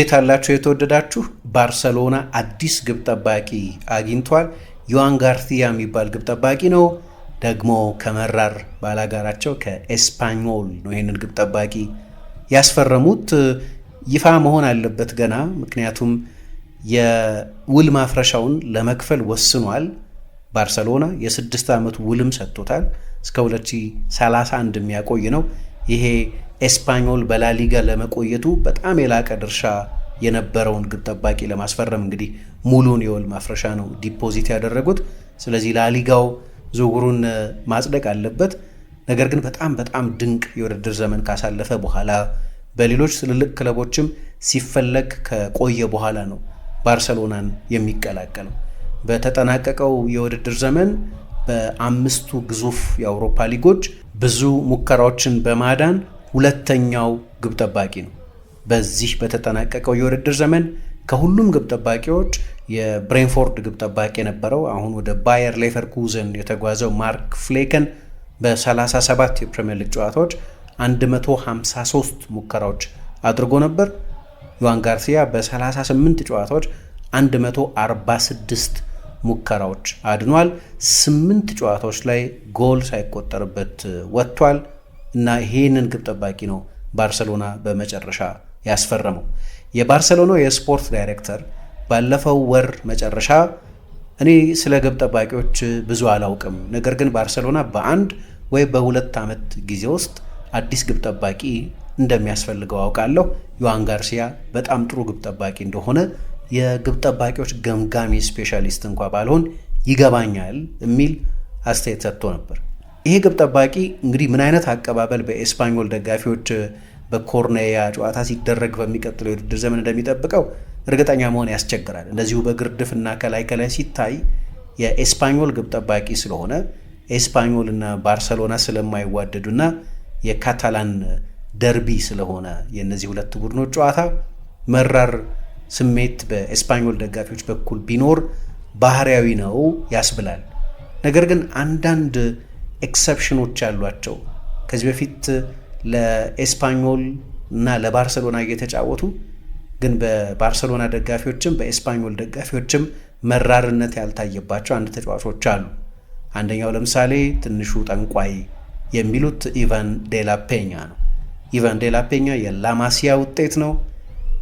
እንዴት አላችሁ የተወደዳችሁ ባርሰሎና አዲስ ግብ ጠባቂ አግኝቷል ዮዋን ጋርሲያ የሚባል ግብ ጠባቂ ነው ደግሞ ከመራር ባላጋራቸው ከኤስፓኞል ነው ይህንን ግብ ጠባቂ ያስፈረሙት ይፋ መሆን አለበት ገና ምክንያቱም የውል ማፍረሻውን ለመክፈል ወስኗል ባርሰሎና የስድስት ዓመት ውልም ሰጥቶታል እስከ 2031 የሚያቆይ ነው ይሄ ኤስፓኞል በላሊጋ ለመቆየቱ በጣም የላቀ ድርሻ የነበረውን ግብ ጠባቂ ለማስፈረም እንግዲህ ሙሉን የወል ማፍረሻ ነው ዲፖዚት ያደረጉት። ስለዚህ ላሊጋው ዝውውሩን ማጽደቅ አለበት። ነገር ግን በጣም በጣም ድንቅ የውድድር ዘመን ካሳለፈ በኋላ በሌሎች ትልልቅ ክለቦችም ሲፈለግ ከቆየ በኋላ ነው ባርሰሎናን የሚቀላቀለው። በተጠናቀቀው የውድድር ዘመን በአምስቱ ግዙፍ የአውሮፓ ሊጎች ብዙ ሙከራዎችን በማዳን ሁለተኛው ግብ ጠባቂ ነው። በዚህ በተጠናቀቀው የውድድር ዘመን ከሁሉም ግብ ጠባቂዎች የብሬንፎርድ ግብ ጠባቂ የነበረው አሁን ወደ ባየር ሌቨርኩዘን የተጓዘው ማርክ ፍሌከን በ37 የፕሪምየር ሊግ ጨዋታዎች 153 ሙከራዎች አድርጎ ነበር። ዩዋን ጋርሲያ በ38 ጨዋታዎች 146 ሙከራዎች አድኗል። ስምንት ጨዋታዎች ላይ ጎል ሳይቆጠርበት ወጥቷል። እና ይሄንን ግብ ጠባቂ ነው ባርሰሎና በመጨረሻ ያስፈረመው። የባርሰሎናው የስፖርት ዳይሬክተር ባለፈው ወር መጨረሻ እኔ ስለ ግብ ጠባቂዎች ብዙ አላውቅም፣ ነገር ግን ባርሰሎና በአንድ ወይ በሁለት ዓመት ጊዜ ውስጥ አዲስ ግብ ጠባቂ እንደሚያስፈልገው አውቃለሁ፣ ዮሐን ጋርሲያ በጣም ጥሩ ግብ ጠባቂ እንደሆነ የግብ ጠባቂዎች ገምጋሚ ስፔሻሊስት እንኳ ባልሆን ይገባኛል የሚል አስተያየት ሰጥቶ ነበር። ይሄ ግብ ጠባቂ እንግዲህ ምን አይነት አቀባበል በኤስፓኞል ደጋፊዎች በኮርኔያ ጨዋታ ሲደረግ በሚቀጥለው የውድድር ዘመን እንደሚጠብቀው እርግጠኛ መሆን ያስቸግራል። እንደዚሁ በግርድፍና ከላይ ከላይ ሲታይ የኤስፓኞል ግብ ጠባቂ ስለሆነ ኤስፓኞል እና ባርሰሎና ስለማይዋደዱና የካታላን ደርቢ ስለሆነ የእነዚህ ሁለት ቡድኖች ጨዋታ መራር ስሜት በኤስፓኞል ደጋፊዎች በኩል ቢኖር ባህሪያዊ ነው ያስብላል። ነገር ግን አንዳንድ ኤክሰፕሽኖች አሏቸው። ከዚህ በፊት ለኤስፓኞል እና ለባርሰሎና እየተጫወቱ ግን በባርሰሎና ደጋፊዎችም በኤስፓኞል ደጋፊዎችም መራርነት ያልታየባቸው አንድ ተጫዋቾች አሉ። አንደኛው ለምሳሌ ትንሹ ጠንቋይ የሚሉት ኢቫን ዴላፔኛ ነው። ኢቫን ዴላፔኛ የላማሲያ ውጤት ነው።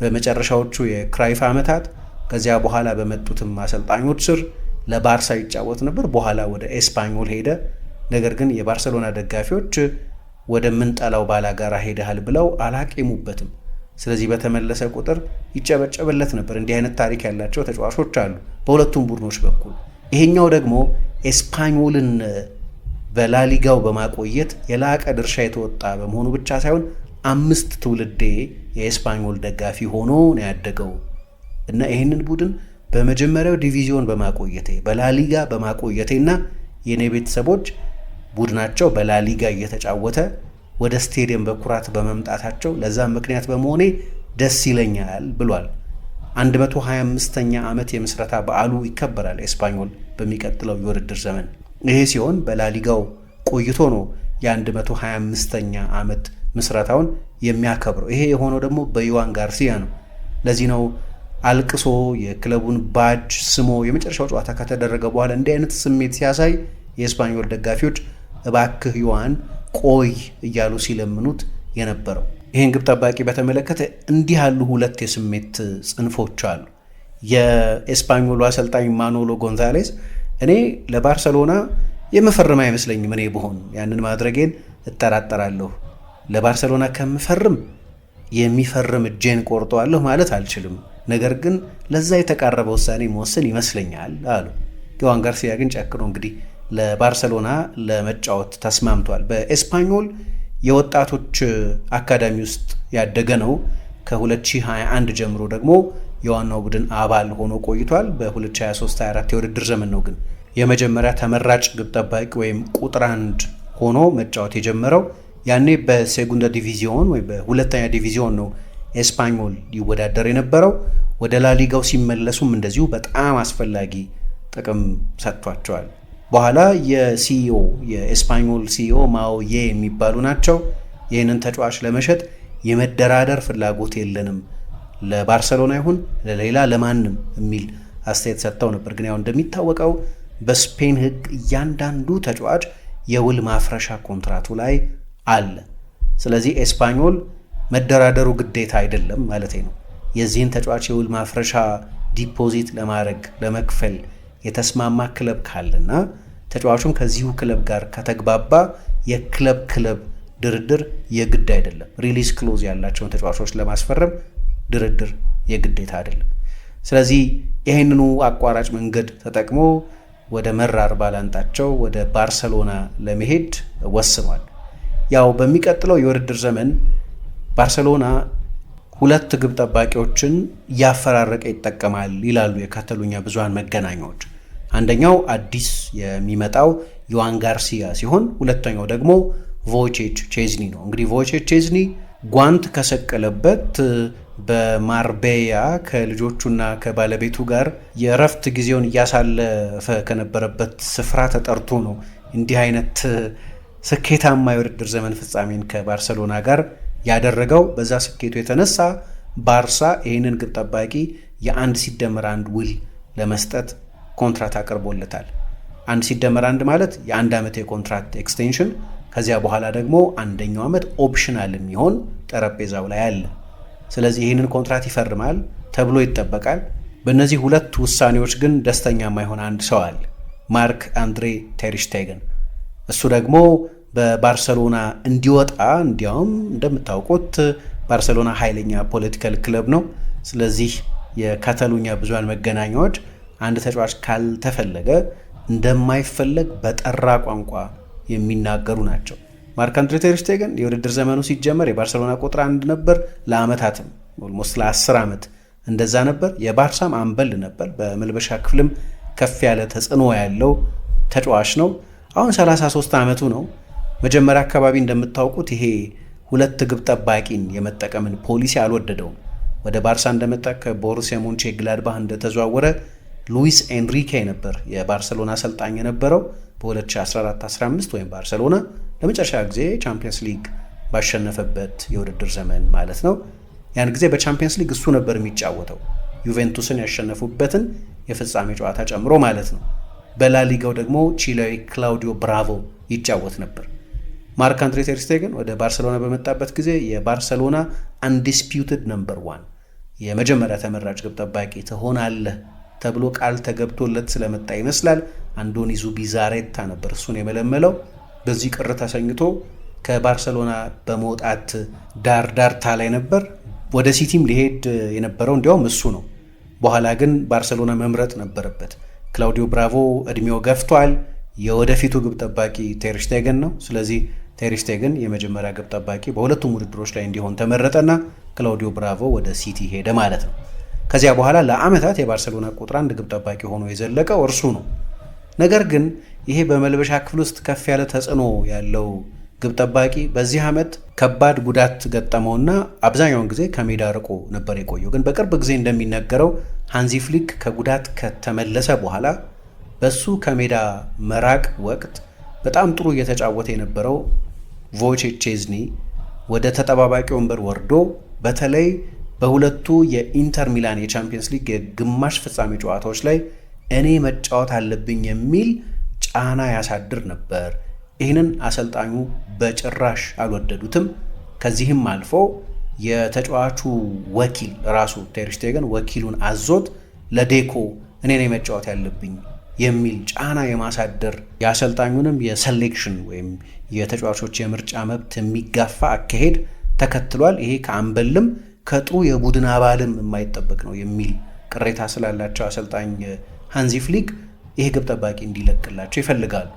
በመጨረሻዎቹ የክራይፍ ዓመታት ከዚያ በኋላ በመጡትም አሰልጣኞች ስር ለባርሳ ይጫወት ነበር። በኋላ ወደ ኤስፓኞል ሄደ። ነገር ግን የባርሰሎና ደጋፊዎች ወደምንጠላው ባላጋራ ሄደሃል ብለው አላቂሙበትም። ስለዚህ በተመለሰ ቁጥር ይጨበጨበለት ነበር። እንዲህ አይነት ታሪክ ያላቸው ተጫዋቾች አሉ በሁለቱም ቡድኖች በኩል። ይሄኛው ደግሞ ኤስፓኞልን በላሊጋው በማቆየት የላቀ ድርሻ የተወጣ በመሆኑ ብቻ ሳይሆን አምስት ትውልዴ የኤስፓኞል ደጋፊ ሆኖ ነው ያደገው እና ይህንን ቡድን በመጀመሪያው ዲቪዚዮን በማቆየቴ በላሊጋ በማቆየቴ እና የእኔ ቤተሰቦች ቡድናቸው በላሊጋ እየተጫወተ ወደ ስቴዲየም በኩራት በመምጣታቸው ለዛ ምክንያት በመሆኔ ደስ ይለኛል ብሏል። 125ኛ ዓመት የምስረታ በዓሉ ይከበራል ኤስፓኞል በሚቀጥለው የውድድር ዘመን። ይሄ ሲሆን በላሊጋው ቆይቶ ነው የ125ኛ ዓመት ምስረታውን የሚያከብረው። ይሄ የሆነው ደግሞ በዩዋን ጋርሲያ ነው። ለዚህ ነው አልቅሶ የክለቡን ባጅ ስሞ የመጨረሻው ጨዋታ ከተደረገ በኋላ እንዲህ አይነት ስሜት ሲያሳይ የስፓኞል ደጋፊዎች እባክህ ዮሐን ቆይ እያሉ ሲለምኑት የነበረው። ይህን ግብ ጠባቂ በተመለከተ እንዲህ ያሉ ሁለት የስሜት ጽንፎች አሉ። የኤስፓኞሉ አሰልጣኝ ማኖሎ ጎንዛሌዝ እኔ ለባርሰሎና የምፈርም አይመስለኝም፣ እኔ ብሆን ያንን ማድረጌን እጠራጠራለሁ። ለባርሰሎና ከምፈርም የሚፈርም እጄን ቆርጠዋለሁ ማለት አልችልም፣ ነገር ግን ለዛ የተቃረበ ውሳኔ መወሰን ይመስለኛል አሉ። ዮሐን ጋርሲያ ግን ጨክኖ እንግዲህ ለባርሰሎና ለመጫወት ተስማምቷል። በኤስፓኞል የወጣቶች አካዳሚ ውስጥ ያደገ ነው። ከ2021 ጀምሮ ደግሞ የዋናው ቡድን አባል ሆኖ ቆይቷል። በ2023/24 የውድድር ዘመን ነው ግን የመጀመሪያ ተመራጭ ግብ ጠባቂ ወይም ቁጥር አንድ ሆኖ መጫወት የጀመረው ያኔ በሴጉንዳ ዲቪዚዮን ወይ በሁለተኛ ዲቪዚዮን ነው ኤስፓኞል ይወዳደር የነበረው። ወደ ላሊጋው ሲመለሱም እንደዚሁ በጣም አስፈላጊ ጥቅም ሰጥቷቸዋል። በኋላ የሲኢኦ የኤስፓኞል ሲኢኦ ማውዬ የሚባሉ ናቸው ይህንን ተጫዋች ለመሸጥ የመደራደር ፍላጎት የለንም ለባርሰሎና ይሁን ለሌላ ለማንም የሚል አስተያየት ሰጥተው ነበር። ግን ያው እንደሚታወቀው በስፔን ሕግ እያንዳንዱ ተጫዋች የውል ማፍረሻ ኮንትራቱ ላይ አለ። ስለዚህ ኤስፓኞል መደራደሩ ግዴታ አይደለም ማለት ነው። የዚህን ተጫዋች የውል ማፍረሻ ዲፖዚት ለማድረግ ለመክፈል የተስማማ ክለብ ካለና ተጫዋቹም ከዚሁ ክለብ ጋር ከተግባባ የክለብ ክለብ ድርድር የግድ አይደለም። ሪሊስ ክሎዝ ያላቸውን ተጫዋቾች ለማስፈረም ድርድር የግዴታ አይደለም። ስለዚህ ይህንኑ አቋራጭ መንገድ ተጠቅሞ ወደ መራር ባላንጣቸው ወደ ባርሰሎና ለመሄድ ወስኗል። ያው በሚቀጥለው የውድድር ዘመን ባርሰሎና ሁለት ግብ ጠባቂዎችን ያፈራረቀ ይጠቀማል ይላሉ የካታሉኛ ብዙሃን መገናኛዎች። አንደኛው አዲስ የሚመጣው ዮዋን ጋርሲያ ሲሆን ሁለተኛው ደግሞ ቮቼች ቼዝኒ ነው። እንግዲህ ቮቼች ቼዝኒ ጓንት ከሰቀለበት በማርቤያ ከልጆቹና ከባለቤቱ ጋር የእረፍት ጊዜውን እያሳለፈ ከነበረበት ስፍራ ተጠርቶ ነው እንዲህ አይነት ስኬታማ የውድድር ዘመን ፍጻሜን ከባርሰሎና ጋር ያደረገው በዛ ስኬቱ የተነሳ ባርሳ ይህንን ግብ ጠባቂ የአንድ ሲደመር አንድ ውል ለመስጠት ኮንትራት አቅርቦለታል። አንድ ሲደመር አንድ ማለት የአንድ ዓመት የኮንትራት ኤክስቴንሽን ከዚያ በኋላ ደግሞ አንደኛው ዓመት ኦፕሽናል የሚሆን ጠረጴዛው ላይ አለ። ስለዚህ ይህንን ኮንትራት ይፈርማል ተብሎ ይጠበቃል። በእነዚህ ሁለት ውሳኔዎች ግን ደስተኛ የማይሆን አንድ ሰው አለ፣ ማርክ አንድሬ ቴርሽቴገን። እሱ ደግሞ በባርሰሎና እንዲወጣ እንዲያውም እንደምታውቁት ባርሰሎና ኃይለኛ ፖለቲካል ክለብ ነው። ስለዚህ የካታሉኛ ብዙሃን መገናኛዎች አንድ ተጫዋች ካልተፈለገ እንደማይፈለግ በጠራ ቋንቋ የሚናገሩ ናቸው። ማርክ አንድሬ ስቴገን የውድድር ዘመኑ ሲጀመር የባርሰሎና ቁጥር አንድ ነበር። ለአመታትም ኦልሞስት ለአስር ዓመት እንደዛ ነበር። የባርሳም አምበል ነበር። በመልበሻ ክፍልም ከፍ ያለ ተጽዕኖ ያለው ተጫዋች ነው። አሁን 33 ዓመቱ ነው። መጀመሪያ አካባቢ እንደምታውቁት ይሄ ሁለት ግብ ጠባቂን የመጠቀምን ፖሊሲ አልወደደውም። ወደ ባርሳ እንደመጣ ከቦሩሲያ ሞንቼ ግላድባህ እንደተዘዋወረ ሉዊስ ኤንሪኬ ነበር የባርሰሎና አሰልጣኝ የነበረው። በ2014/15 ወይም ባርሰሎና ለመጨረሻ ጊዜ ቻምፒየንስ ሊግ ባሸነፈበት የውድድር ዘመን ማለት ነው። ያን ጊዜ በቻምፒየንስ ሊግ እሱ ነበር የሚጫወተው ዩቬንቱስን ያሸነፉበትን የፍጻሜ ጨዋታ ጨምሮ ማለት ነው። በላሊጋው ደግሞ ቺላዊ ክላውዲዮ ብራቮ ይጫወት ነበር። ማርክ አንድሬ ቴርስቴግን ወደ ባርሰሎና በመጣበት ጊዜ የባርሰሎና አንዲስፒውትድ ነምበር ዋን የመጀመሪያ ተመራጭ ግብ ጠባቂ ትሆናለህ ተብሎ ቃል ተገብቶለት ስለመጣ ይመስላል አንዶኒ ዙቢዛሬታ ነበር እሱን የመለመለው። በዚህ ቅር ተሰኝቶ ከባርሰሎና በመውጣት ዳር ዳርታ ላይ ነበር። ወደ ሲቲም ሊሄድ የነበረው እንዲያውም እሱ ነው። በኋላ ግን ባርሰሎና መምረጥ ነበረበት። ክላውዲዮ ብራቮ እድሜው ገፍቷል። የወደፊቱ ግብ ጠባቂ ቴርሽቴገን ነው። ስለዚህ ቴሪስቴግን የመጀመሪያ ግብ ጠባቂ በሁለቱም ውድድሮች ላይ እንዲሆን ተመረጠና ክላውዲዮ ብራቮ ወደ ሲቲ ሄደ ማለት ነው። ከዚያ በኋላ ለአመታት የባርሰሎና ቁጥር አንድ ግብ ጠባቂ ሆኖ የዘለቀው እርሱ ነው። ነገር ግን ይሄ በመልበሻ ክፍል ውስጥ ከፍ ያለ ተጽዕኖ ያለው ግብ ጠባቂ በዚህ ዓመት ከባድ ጉዳት ገጠመውና አብዛኛውን ጊዜ ከሜዳ ርቆ ነበር የቆየው። ግን በቅርብ ጊዜ እንደሚነገረው ሃንዚ ፍሊክ ከጉዳት ከተመለሰ በኋላ በሱ ከሜዳ መራቅ ወቅት በጣም ጥሩ እየተጫወተ የነበረው ቮቼክ ቼዝኒ ወደ ተጠባባቂ ወንበር ወርዶ በተለይ በሁለቱ የኢንተር ሚላን የቻምፒየንስ ሊግ የግማሽ ፍጻሜ ጨዋታዎች ላይ እኔ መጫወት አለብኝ የሚል ጫና ያሳድር ነበር። ይህንን አሰልጣኙ በጭራሽ አልወደዱትም። ከዚህም አልፎ የተጫዋቹ ወኪል ራሱ ቴርሽቴገን ወኪሉን አዞት ለዴኮ እኔ ነኝ መጫወት ያለብኝ የሚል ጫና የማሳደር የአሰልጣኙንም የሰሌክሽን ወይም የተጫዋቾች የምርጫ መብት የሚጋፋ አካሄድ ተከትሏል። ይሄ ከአምበልም ከጥሩ የቡድን አባልም የማይጠበቅ ነው የሚል ቅሬታ ስላላቸው አሰልጣኝ ሃንዚ ፍሊክ ይሄ ግብ ጠባቂ እንዲለቅላቸው ይፈልጋሉ።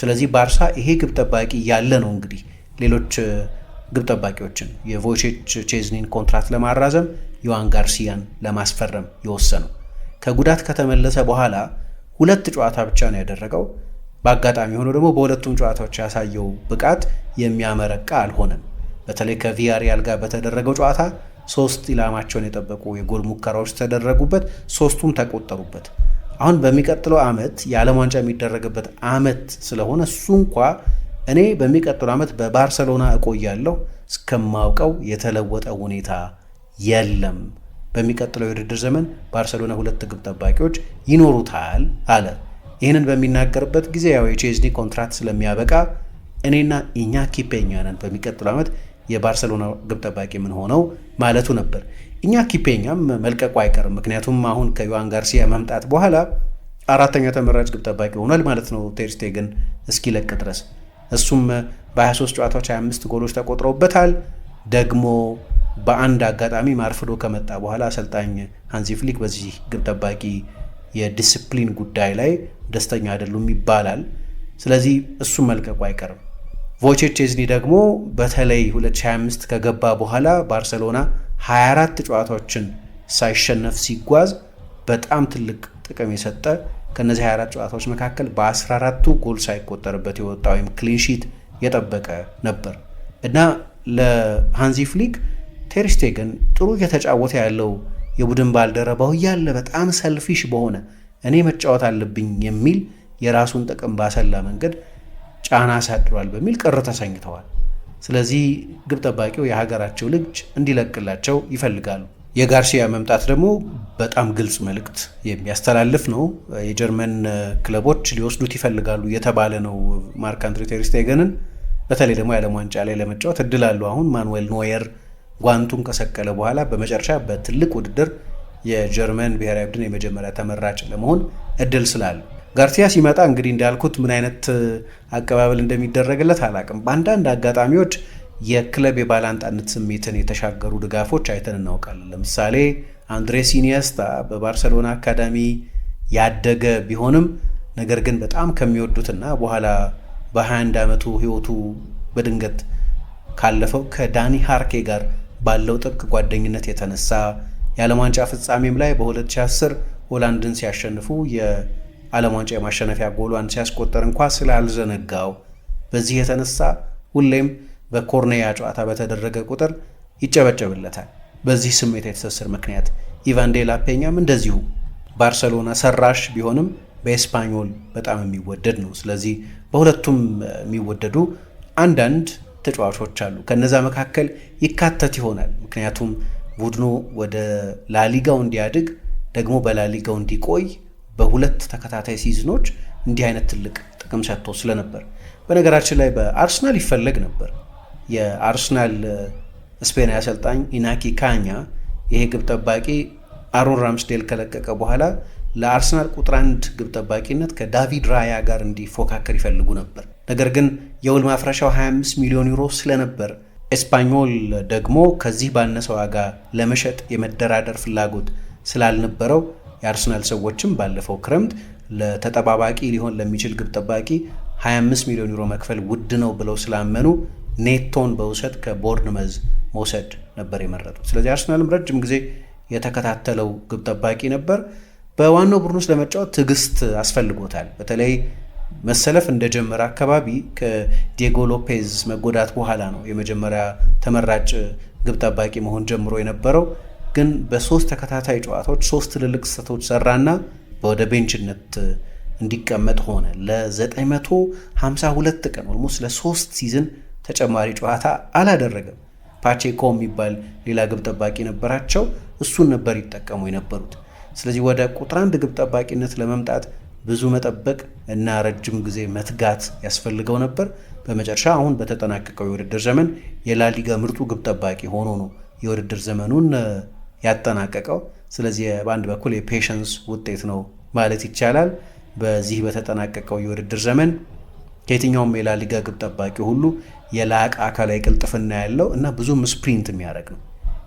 ስለዚህ ባርሳ ይሄ ግብ ጠባቂ ያለ ነው እንግዲህ ሌሎች ግብ ጠባቂዎችን የቮቼች ቼዝኒን ኮንትራት ለማራዘም ዮዋን ጋርሲያን ለማስፈረም የወሰነው ከጉዳት ከተመለሰ በኋላ ሁለት ጨዋታ ብቻ ነው ያደረገው። በአጋጣሚ ሆኖ ደግሞ በሁለቱም ጨዋታዎች ያሳየው ብቃት የሚያመረቃ አልሆነም። በተለይ ከቪያሪያል ጋር በተደረገው ጨዋታ ሶስት ኢላማቸውን የጠበቁ የጎል ሙከራዎች ተደረጉበት፣ ሶስቱም ተቆጠሩበት። አሁን በሚቀጥለው ዓመት የዓለም ዋንጫ የሚደረግበት ዓመት ስለሆነ እሱ እንኳ እኔ በሚቀጥለው ዓመት በባርሰሎና እቆያለሁ እስከማውቀው የተለወጠ ሁኔታ የለም በሚቀጥለው የውድድር ዘመን ባርሰሎና ሁለት ግብ ጠባቂዎች ይኖሩታል አለ። ይህንን በሚናገርበት ጊዜ ያው የቼዝኒ ኮንትራክት ስለሚያበቃ እኔና ኢኛኪ ፔኛ ነን በሚቀጥለው ዓመት የባርሰሎና ግብ ጠባቂ ምን ሆነው ማለቱ ነበር። ኢኛኪ ፔኛም መልቀቁ አይቀርም፣ ምክንያቱም አሁን ከዮሃን ጋርሲያ መምጣት በኋላ አራተኛ ተመራጭ ግብ ጠባቂ ሆኗል ማለት ነው ቴርስቴግን እስኪለቅ ድረስ። እሱም በ23 ጨዋታዎች 25 ጎሎች ተቆጥረውበታል ደግሞ በአንድ አጋጣሚ ማርፍዶ ከመጣ በኋላ አሰልጣኝ ሃንዚ ፍሊክ በዚህ ግብ ጠባቂ የዲስፕሊን ጉዳይ ላይ ደስተኛ አይደሉም ይባላል። ስለዚህ እሱን መልቀቁ አይቀርም። ቮቼ ቼዝኒ ደግሞ በተለይ 2025 ከገባ በኋላ ባርሰሎና 24 ጨዋታዎችን ሳይሸነፍ ሲጓዝ በጣም ትልቅ ጥቅም የሰጠ ከነዚህ 24 ጨዋታዎች መካከል በ14ቱ ጎል ሳይቆጠርበት የወጣ ወይም ክሊንሺት የጠበቀ ነበር እና ለሃንዚ ፍሊክ ቴርስቴገን ጥሩ እየተጫወተ ያለው የቡድን ባልደረባው እያለ በጣም ሰልፊሽ በሆነ እኔ መጫወት አለብኝ የሚል የራሱን ጥቅም ባሰላ መንገድ ጫና አሳድሯል በሚል ቅር ተሰኝተዋል። ስለዚህ ግብ ጠባቂው የሀገራቸው ልጅ እንዲለቅላቸው ይፈልጋሉ። የጋርሲያ መምጣት ደግሞ በጣም ግልጽ መልእክት የሚያስተላልፍ ነው። የጀርመን ክለቦች ሊወስዱት ይፈልጋሉ የተባለ ነው። ማርክ አንድሬ ቴር በተለይ ደግሞ የዓለም ዋንጫ ላይ ለመጫወት እድል አለው አሁን ማኑዌል ኖየር ጓንቱን ከሰቀለ በኋላ በመጨረሻ በትልቅ ውድድር የጀርመን ብሔራዊ ቡድን የመጀመሪያ ተመራጭ ለመሆን እድል ስላለ ጋርሲያ ሲመጣ እንግዲህ እንዳልኩት ምን አይነት አቀባበል እንደሚደረግለት አላቅም። በአንዳንድ አጋጣሚዎች የክለብ የባላንጣነት ስሜትን የተሻገሩ ድጋፎች አይተን እናውቃለን። ለምሳሌ አንድሬስ ኢኒየስታ በባርሰሎና አካዳሚ ያደገ ቢሆንም ነገር ግን በጣም ከሚወዱትና በኋላ በ21 ዓመቱ ህይወቱ በድንገት ካለፈው ከዳኒ ሃርኬ ጋር ባለው ጥብቅ ጓደኝነት የተነሳ የዓለም ዋንጫ ፍጻሜም ላይ በ2010 ሆላንድን ሲያሸንፉ የዓለም ዋንጫ የማሸነፊያ ጎሏን ሲያስቆጠር እንኳ ስላልዘነጋው በዚህ የተነሳ ሁሌም በኮርኔያ ጨዋታ በተደረገ ቁጥር ይጨበጨብለታል። በዚህ ስሜት የትስስር ምክንያት ኢቫን ፔኛም እንደዚሁ ባርሰሎና ሰራሽ ቢሆንም በኤስፓኞል በጣም የሚወደድ ነው። ስለዚህ በሁለቱም የሚወደዱ አንዳንድ ተጫዋቾች አሉ። ከነዛ መካከል ይካተት ይሆናል። ምክንያቱም ቡድኑ ወደ ላሊጋው እንዲያድግ ደግሞ በላሊጋው እንዲቆይ በሁለት ተከታታይ ሲዝኖች እንዲህ አይነት ትልቅ ጥቅም ሰጥቶ ስለነበር በነገራችን ላይ በአርሰናል ይፈለግ ነበር። የአርሰናል ስፔናዊ አሰልጣኝ ኢናኪ ካኛ ይሄ ግብ ጠባቂ አሮን ራምስዴል ከለቀቀ በኋላ ለአርሰናል ቁጥር አንድ ግብ ጠባቂነት ከዳቪድ ራያ ጋር እንዲፎካከር ይፈልጉ ነበር። ነገር ግን የውል ማፍረሻው 25 ሚሊዮን ዩሮ ስለነበር ኤስፓኞል ደግሞ ከዚህ ባነሰ ዋጋ ለመሸጥ የመደራደር ፍላጎት ስላልነበረው የአርሰናል ሰዎችም ባለፈው ክረምት ለተጠባባቂ ሊሆን ለሚችል ግብ ጠባቂ 25 ሚሊዮን ዩሮ መክፈል ውድ ነው ብለው ስላመኑ ኔቶን በውሰት መዝ መውሰድ ነበር የመረጡት። ስለዚህ አርሰናልም ረጅም ጊዜ የተከታተለው ግብ ጠባቂ ነበር። በዋናው ቡድን ውስጥ ለመጫወት ትዕግስት አስፈልጎታል። በተለይ መሰለፍ እንደጀመረ አካባቢ ከዲየጎ ሎፔዝ መጎዳት በኋላ ነው የመጀመሪያ ተመራጭ ግብ ጠባቂ መሆን ጀምሮ የነበረው። ግን በሶስት ተከታታይ ጨዋታዎች ሶስት ትልልቅ ስህተቶች ሰራና ወደ ቤንችነት እንዲቀመጥ ሆነ። ለ952 ቀን ኦልሞስት ለሶስት ሲዝን ተጨማሪ ጨዋታ አላደረገም። ፓቼኮ የሚባል ሌላ ግብ ጠባቂ ነበራቸው። እሱን ነበር ይጠቀሙ የነበሩት። ስለዚህ ወደ ቁጥር አንድ ግብ ጠባቂነት ለመምጣት ብዙ መጠበቅ እና ረጅም ጊዜ መትጋት ያስፈልገው ነበር። በመጨረሻ አሁን በተጠናቀቀው የውድድር ዘመን የላሊጋ ምርጡ ግብ ጠባቂ ሆኖ ነው የውድድር ዘመኑን ያጠናቀቀው። ስለዚህ በአንድ በኩል የፔሸንስ ውጤት ነው ማለት ይቻላል። በዚህ በተጠናቀቀው የውድድር ዘመን ከየትኛውም የላሊጋ ግብ ጠባቂ ሁሉ የላቀ አካላዊ ቅልጥፍና ያለው እና ብዙም ስፕሪንት የሚያደርግ ነው።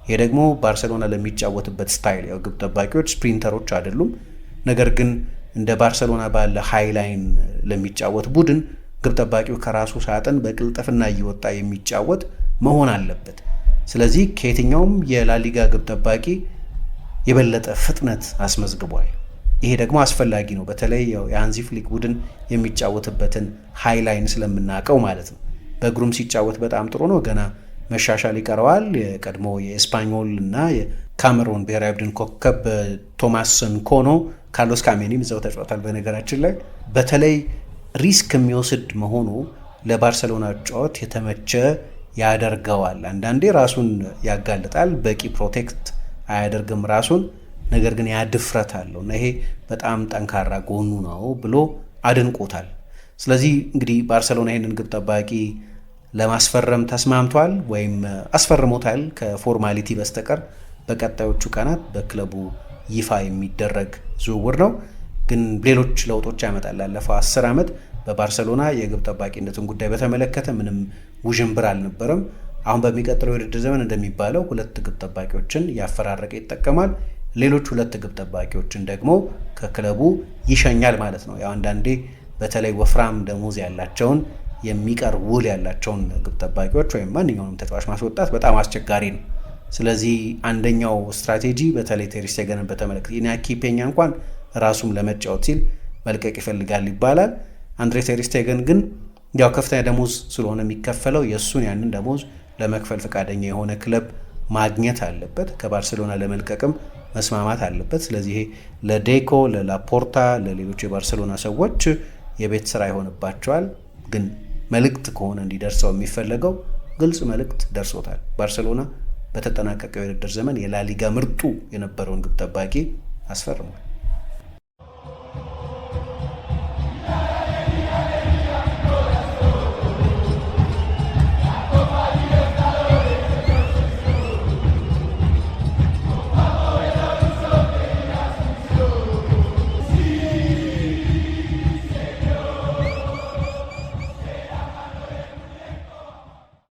ይሄ ደግሞ ባርሴሎና ለሚጫወትበት ስታይል፣ ያው ግብ ጠባቂዎች ስፕሪንተሮች አይደሉም፣ ነገር ግን እንደ ባርሰሎና ባለ ሃይላይን ለሚጫወት ቡድን ግብ ጠባቂው ከራሱ ሳጥን በቅልጥፍና እየወጣ የሚጫወት መሆን አለበት። ስለዚህ ከየትኛውም የላሊጋ ግብ ጠባቂ የበለጠ ፍጥነት አስመዝግቧል። ይሄ ደግሞ አስፈላጊ ነው። በተለይ የሃንዚ ፍሊክ ቡድን የሚጫወትበትን ሃይላይን ስለምናውቀው ማለት ነው። በእግሩም ሲጫወት በጣም ጥሩ ነው። ገና መሻሻል ይቀረዋል። የቀድሞ የኤስፓኞል እና የካሜሮን ብሔራዊ ቡድን ኮከብ ቶማስ ንኮኖ ካርሎስ ካሜኒም እዛው ተጫውቷል። በነገራችን ላይ በተለይ ሪስክ የሚወስድ መሆኑ ለባርሰሎና ጨዋት የተመቸ ያደርገዋል። አንዳንዴ ራሱን ያጋልጣል፣ በቂ ፕሮቴክት አያደርግም ራሱን ነገር ግን ያድፍረት አለው እና ይሄ በጣም ጠንካራ ጎኑ ነው ብሎ አድንቆታል። ስለዚህ እንግዲህ ባርሰሎና ይህንን ግብ ጠባቂ ለማስፈረም ተስማምቷል ወይም አስፈርሞታል ከፎርማሊቲ በስተቀር በቀጣዮቹ ቀናት በክለቡ ይፋ የሚደረግ ዝውውር ነው። ግን ሌሎች ለውጦች ያመጣል። ላለፈው አስር ዓመት በባርሰሎና የግብ ጠባቂነትን ጉዳይ በተመለከተ ምንም ውዥንብር አልነበረም። አሁን በሚቀጥለው የውድድር ዘመን እንደሚባለው ሁለት ግብ ጠባቂዎችን ያፈራረቀ ይጠቀማል። ሌሎች ሁለት ግብ ጠባቂዎችን ደግሞ ከክለቡ ይሸኛል ማለት ነው። ያው አንዳንዴ በተለይ ወፍራም ደሞዝ ያላቸውን የሚቀር ውል ያላቸውን ግብ ጠባቂዎች ወይም ማንኛውንም ተጫዋች ማስወጣት በጣም አስቸጋሪ ነው። ስለዚህ አንደኛው ስትራቴጂ በተለይ ቴርሽቴገንን በተመለከተ ኒያኪ ፔኛ እንኳን ራሱም ለመጫወት ሲል መልቀቅ ይፈልጋል ይባላል። አንድሬ ቴሪስቴገን ግን ያው ከፍተኛ ደሞዝ ስለሆነ የሚከፈለው የእሱን ያንን ደሞዝ ለመክፈል ፈቃደኛ የሆነ ክለብ ማግኘት አለበት። ከባርሴሎና ለመልቀቅም መስማማት አለበት። ስለዚህ ይሄ ለዴኮ ለላፖርታ፣ ለሌሎች የባርሴሎና ሰዎች የቤት ስራ ይሆንባቸዋል። ግን መልእክት ከሆነ እንዲደርሰው የሚፈለገው ግልጽ መልእክት ደርሶታል ባርሴሎና በተጠናቀቀው የውድድር ዘመን የላሊጋ ምርጡ የነበረውን ግብ ጠባቂ አስፈርሟል።